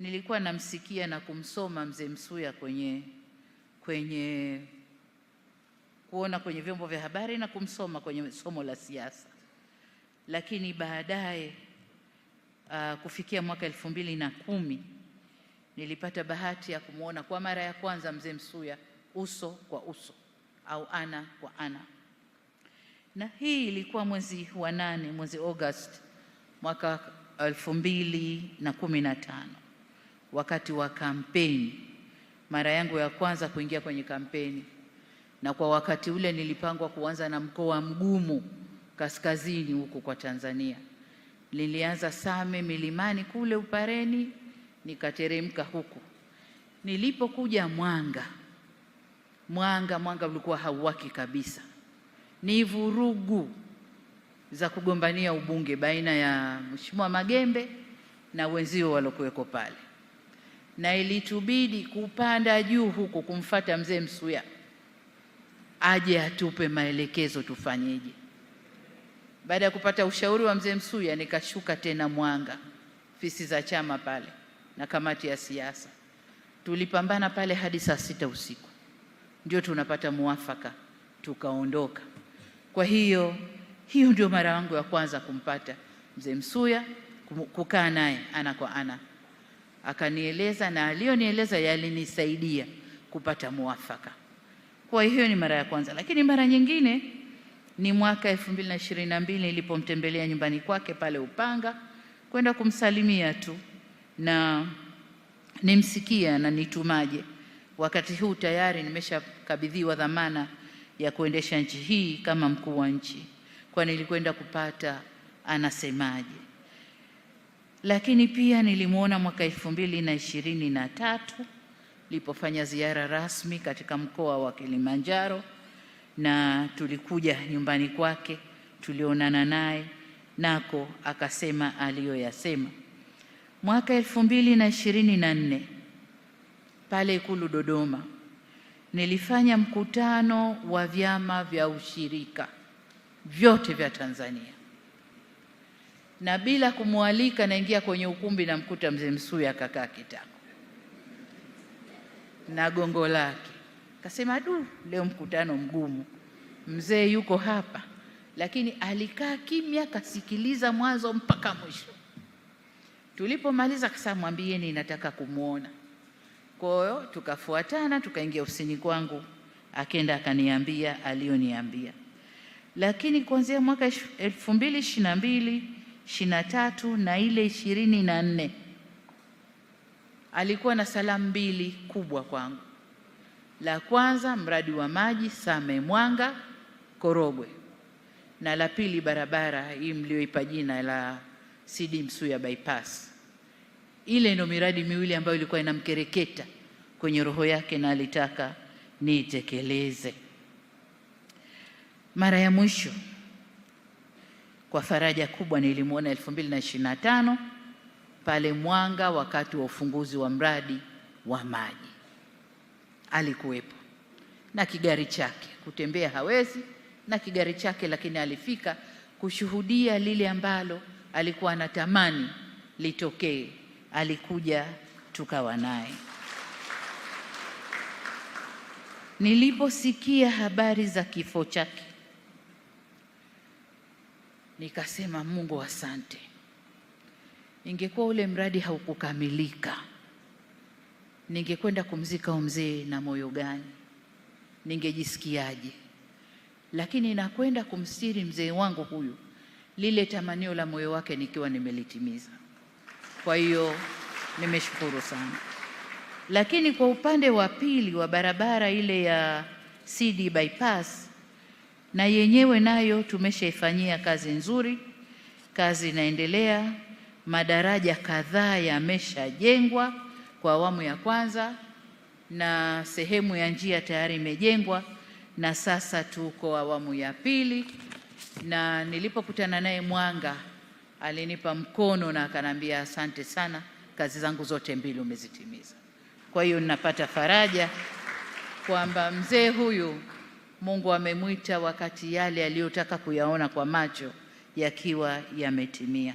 nilikuwa namsikia na kumsoma mzee Msuya kwenye, kwenye kuona kwenye vyombo vya habari na kumsoma kwenye somo la siasa, lakini baadaye uh, kufikia mwaka elfu mbili na kumi nilipata bahati ya kumwona kwa mara ya kwanza mzee Msuya uso kwa uso au ana kwa ana, na hii ilikuwa mwezi wa nane, mwezi Agosti mwaka elfu mbili na kumi na tano wakati wa kampeni, mara yangu ya kwanza kuingia kwenye kampeni, na kwa wakati ule nilipangwa kuanza na mkoa mgumu kaskazini huko kwa Tanzania. Nilianza Same milimani kule Upareni, nikateremka huku. Nilipokuja Mwanga, Mwanga Mwanga ulikuwa hauwaki kabisa, ni vurugu za kugombania ubunge baina ya Mheshimiwa Magembe na wenzio walokuweko pale na ilitubidi kupanda juu huku kumfata mzee Msuya aje atupe maelekezo tufanyeje. Baada ya kupata ushauri wa mzee Msuya, nikashuka tena Mwanga, ofisi za chama pale na kamati ya siasa, tulipambana pale hadi saa sita usiku ndio tunapata muwafaka tukaondoka. Kwa hiyo hiyo ndio mara yangu ya kwanza kumpata mzee Msuya, kukaa naye ana kwa ana akanieleza, na aliyonieleza yalinisaidia kupata mwafaka. Kwa hiyo ni mara ya kwanza, lakini mara nyingine ni mwaka 2022 nilipomtembelea nyumbani kwake pale Upanga kwenda kumsalimia tu na nimsikia na nitumaje. Wakati huu tayari nimeshakabidhiwa dhamana ya kuendesha nchi hii kama mkuu wa nchi, kwa nilikwenda kupata anasemaje lakini pia nilimwona mwaka elfu mbili na ishirini na tatu nilipofanya ziara rasmi katika mkoa wa Kilimanjaro, na tulikuja nyumbani kwake, tulionana naye nako akasema aliyoyasema. Mwaka elfu mbili na ishirini na nne pale Ikulu Dodoma nilifanya mkutano wa vyama vya ushirika vyote vya Tanzania na bila kumwalika naingia kwenye ukumbi, namkuta mzee Msuya akakaa kitako na gongo lake. Kasema, du, leo mkutano mgumu, mzee yuko hapa. Lakini alikaa kimya, kasikiliza mwanzo mpaka mwisho. Tulipomaliza kasa, mwambieni nataka kumwona. Kwa hiyo tukafuatana, tukaingia ofisini kwangu, akenda akaniambia aliyoniambia. Lakini kuanzia mwaka elfu mbili ishirini na mbili tatu na ile ishirini na nne alikuwa na salamu mbili kubwa kwangu. La kwanza mradi wa maji Same Mwanga Korogwe, na la pili barabara hii mlioipa jina la CD Msuya bypass. Ile ndio miradi miwili ambayo ilikuwa inamkereketa kwenye roho yake na alitaka niitekeleze mara ya mwisho kwa faraja kubwa nilimwona 2025 pale Mwanga wakati wa ufunguzi wa mradi wa maji alikuwepo na kigari chake, kutembea hawezi na kigari chake, lakini alifika kushuhudia lile ambalo alikuwa anatamani litokee. Alikuja tukawa naye. Niliposikia habari za kifo chake Nikasema Mungu asante. Ingekuwa ule mradi haukukamilika, ningekwenda kumzika mzee na moyo gani? Ningejisikiaje? Lakini nakwenda kumstiri mzee wangu huyu, lile tamanio la moyo wake nikiwa nimelitimiza. Kwa hiyo nimeshukuru sana. Lakini kwa upande wa pili wa barabara ile ya CD bypass na yenyewe nayo tumeshaifanyia kazi nzuri. Kazi inaendelea, madaraja kadhaa yameshajengwa kwa awamu ya kwanza na sehemu ya njia tayari imejengwa, na sasa tuko awamu ya pili. Na nilipokutana naye Mwanga alinipa mkono na akanambia asante sana, kazi zangu zote mbili umezitimiza. Kwa hiyo ninapata faraja kwamba mzee huyu Mungu amemwita wakati yale aliyotaka kuyaona kwa macho yakiwa yametimia.